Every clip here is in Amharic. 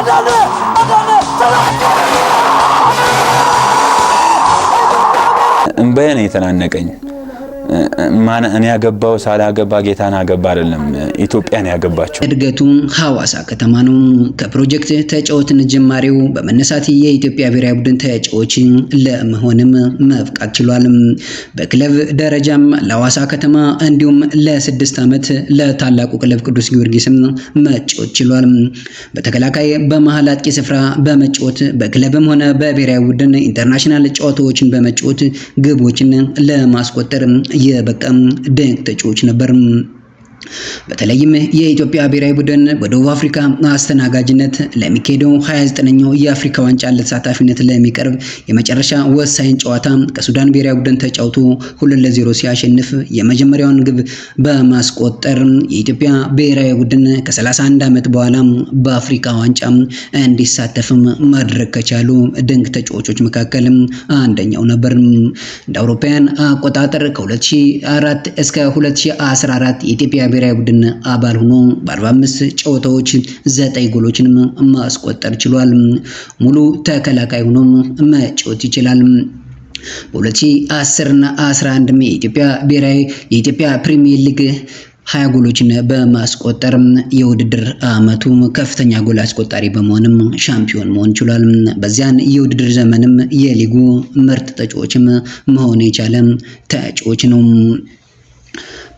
አዳነ አዳነ እንባዬ ነው የተናነቀኝ። ማን እኔ ያገባው ሳላገባ ጌታን አገባ አይደለም፣ ኢትዮጵያን ያገባቸው። እድገቱ ሐዋሳ ከተማ ነው። ከፕሮጀክት ተጫዋችነት ጀማሪው በመነሳት የኢትዮጵያ ብሔራዊ ቡድን ተጫዋች ለመሆንም መብቃት ችሏል። በክለብ ደረጃም ለሐዋሳ ከተማ እንዲሁም ለስድስት ዓመት ለታላቁ ክለብ ቅዱስ ጊዮርጊስም መጫወት ችሏል። በተከላካይ በመሀል አጥቂ ስፍራ በመጫወት በክለብም ሆነ በብሔራዊ ቡድን ኢንተርናሽናል ጨዋታዎችን በመጫወት ግቦችን ለማስቆጠር የበቀም ድንቅ ተጫዋች ነበር። በተለይም የኢትዮጵያ ብሔራዊ ቡድን በደቡብ አፍሪካ አስተናጋጅነት ለሚካሄደው 29ኛው የአፍሪካ ዋንጫ ለተሳታፊነት ለሚቀርብ የመጨረሻ ወሳኝ ጨዋታ ከሱዳን ብሔራዊ ቡድን ተጫውቶ ሁለት ለዜሮ ሲያሸንፍ የመጀመሪያውን ግብ በማስቆጠር የኢትዮጵያ ብሔራዊ ቡድን ከ31 ዓመት በኋላ በአፍሪካ ዋንጫ እንዲሳተፍም ማድረግ ከቻሉ ድንቅ ተጫዋቾች መካከል አንደኛው ነበር። እንደ አውሮፓውያን አቆጣጠር ከ2004 እስከ 2014 የኢትዮጵያ የብሔራዊ ቡድን አባል ሆኖ በ45 ጨዋታዎች ዘጠኝ ጎሎችንም ማስቆጠር ችሏል። ሙሉ ተከላካይ ሆኖም መጫወት ይችላል። በ2010 እና 11 የኢትዮጵያ ብሔራዊ የኢትዮጵያ ፕሪሚየር ሊግ ሀያ ጎሎችን በማስቆጠር የውድድር አመቱ ከፍተኛ ጎል አስቆጣሪ በመሆንም ሻምፒዮን መሆን ችሏል። በዚያን የውድድር ዘመንም የሊጉ ምርጥ ተጫዋችም መሆን የቻለ ተጫዋች ነው።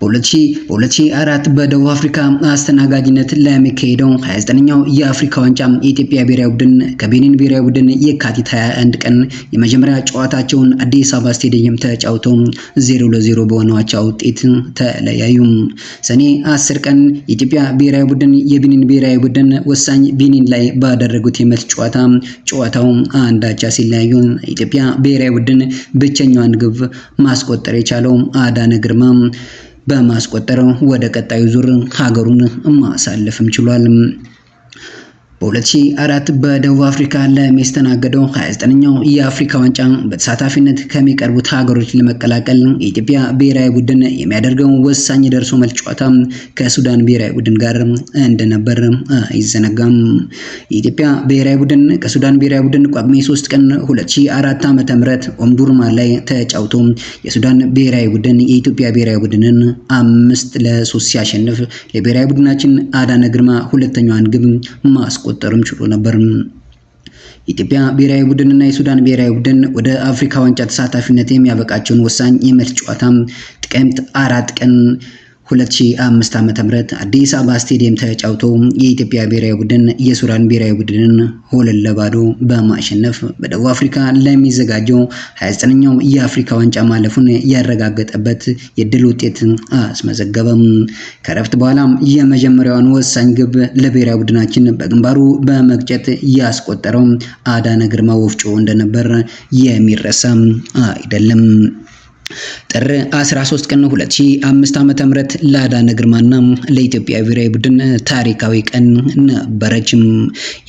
በ2004 በደቡብ አፍሪካ አስተናጋጅነት ለሚካሄደው 29ኛው የአፍሪካ ዋንጫ የኢትዮጵያ ብሔራዊ ቡድን ከቤኒን ብሔራዊ ቡድን የካቲት 21 ቀን የመጀመሪያ ጨዋታቸውን አዲስ አበባ ስቴዲየም ተጫውተው 0 ለ0 በሆነ አቻ ውጤት ተለያዩ። ሰኔ 10 ቀን የኢትዮጵያ ብሔራዊ ቡድን የቤኒን ብሔራዊ ቡድን ወሳኝ ቤኒን ላይ ባደረጉት የመት ጨዋታ ጨዋታው አንድ አቻ ሲለያዩ ኢትዮጵያ ብሔራዊ ቡድን ብቸኛዋን ግብ ማስቆጠር የቻለው አዳነ ግርማ በማስቆጠር ወደ ቀጣዩ ዙር ሀገሩን ማሳለፍም ችሏል። በ2004 በደቡብ አፍሪካ ለሚስተናገደው 29ኛው የአፍሪካ ዋንጫ በተሳታፊነት ከሚቀርቡት ሀገሮች ለመቀላቀል የኢትዮጵያ ብሔራዊ ቡድን የሚያደርገው ወሳኝ የደርሶ መልስ ጨዋታ ከሱዳን ብሔራዊ ቡድን ጋር እንደነበር አይዘነጋም። የኢትዮጵያ ብሔራዊ ቡድን ከሱዳን ብሔራዊ ቡድን ጳጉሜ 3 ቀን 2004 ዓ.ም ኦምዱርማን ላይ ተጫውቶ የሱዳን ብሔራዊ ቡድን የኢትዮጵያ ብሔራዊ ቡድንን አምስት ለሶስት ሲያሸንፍ ለብሔራዊ ቡድናችን አዳነ ግርማ ሁለተኛዋን ግብ ማስቆ ማስቆጠርም ችሎ ነበር። የኢትዮጵያ ብሔራዊ ቡድንና የሱዳን ብሔራዊ ቡድን ወደ አፍሪካ ዋንጫ ተሳታፊነት የሚያበቃቸውን ወሳኝ የመልስ ጨዋታም ጥቅምት አራት ቀን 2005 ዓ.ም አዲስ አበባ ስቴዲየም ተጫውቶ የኢትዮጵያ ብሔራዊ ቡድን የሱዳን ብሔራዊ ቡድንን ሁለት ለባዶ በማሸነፍ በደቡብ አፍሪካ ለሚዘጋጀው 29ኛው የአፍሪካ ዋንጫ ማለፉን ያረጋገጠበት የድል ውጤት አስመዘገበም። ከረፍት በኋላም የመጀመሪያውን ወሳኝ ግብ ለብሔራዊ ቡድናችን በግንባሩ በመግጨት ያስቆጠረው አዳነ ግርማ ወፍጮ እንደነበር የሚረሳም አይደለም። ጥር 13 ቀን 2005 ዓ.ም ለአዳነ ግርማና ለኢትዮጵያ ብሔራዊ ቡድን ታሪካዊ ቀን ነበረችም።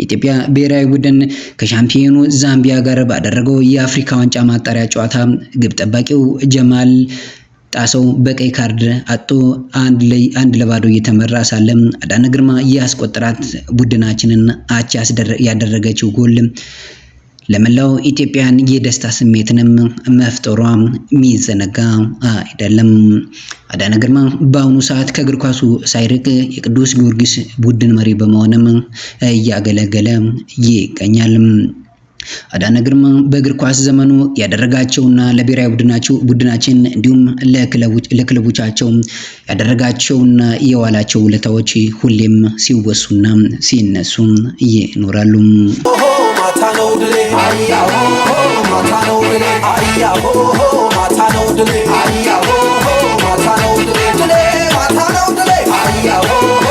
የኢትዮጵያ ብሔራዊ ቡድን ከሻምፒዮኑ ዛምቢያ ጋር ባደረገው የአፍሪካ ዋንጫ ማጣሪያ ጨዋታ ግብ ጠባቂው ጀማል ጣሰው በቀይ ካርድ አጦ አንድ ለባዶ እየተመራ ሳለም አዳነ ግርማ ያስቆጠራት ቡድናችንን አቻ ያደረገችው ጎል ለመላው ኢትዮጵያን የደስታ ስሜትንም መፍጠሯ የሚዘነጋ አይደለም። አዳነ ግርማ በአሁኑ ሰዓት ከእግር ኳሱ ሳይርቅ የቅዱስ ጊዮርጊስ ቡድን መሪ በመሆንም እያገለገለ ይገኛል። አዳነ ግርማ በእግር ኳስ ዘመኑ ያደረጋቸውና ለብሔራዊ ቡድናቸው ቡድናችን እንዲሁም ለክለቦቻቸው ያደረጋቸውና የዋላቸው ውለታዎች ሁሌም ሲወሱና ሲነሱ ይኖራሉ። ማታ ነው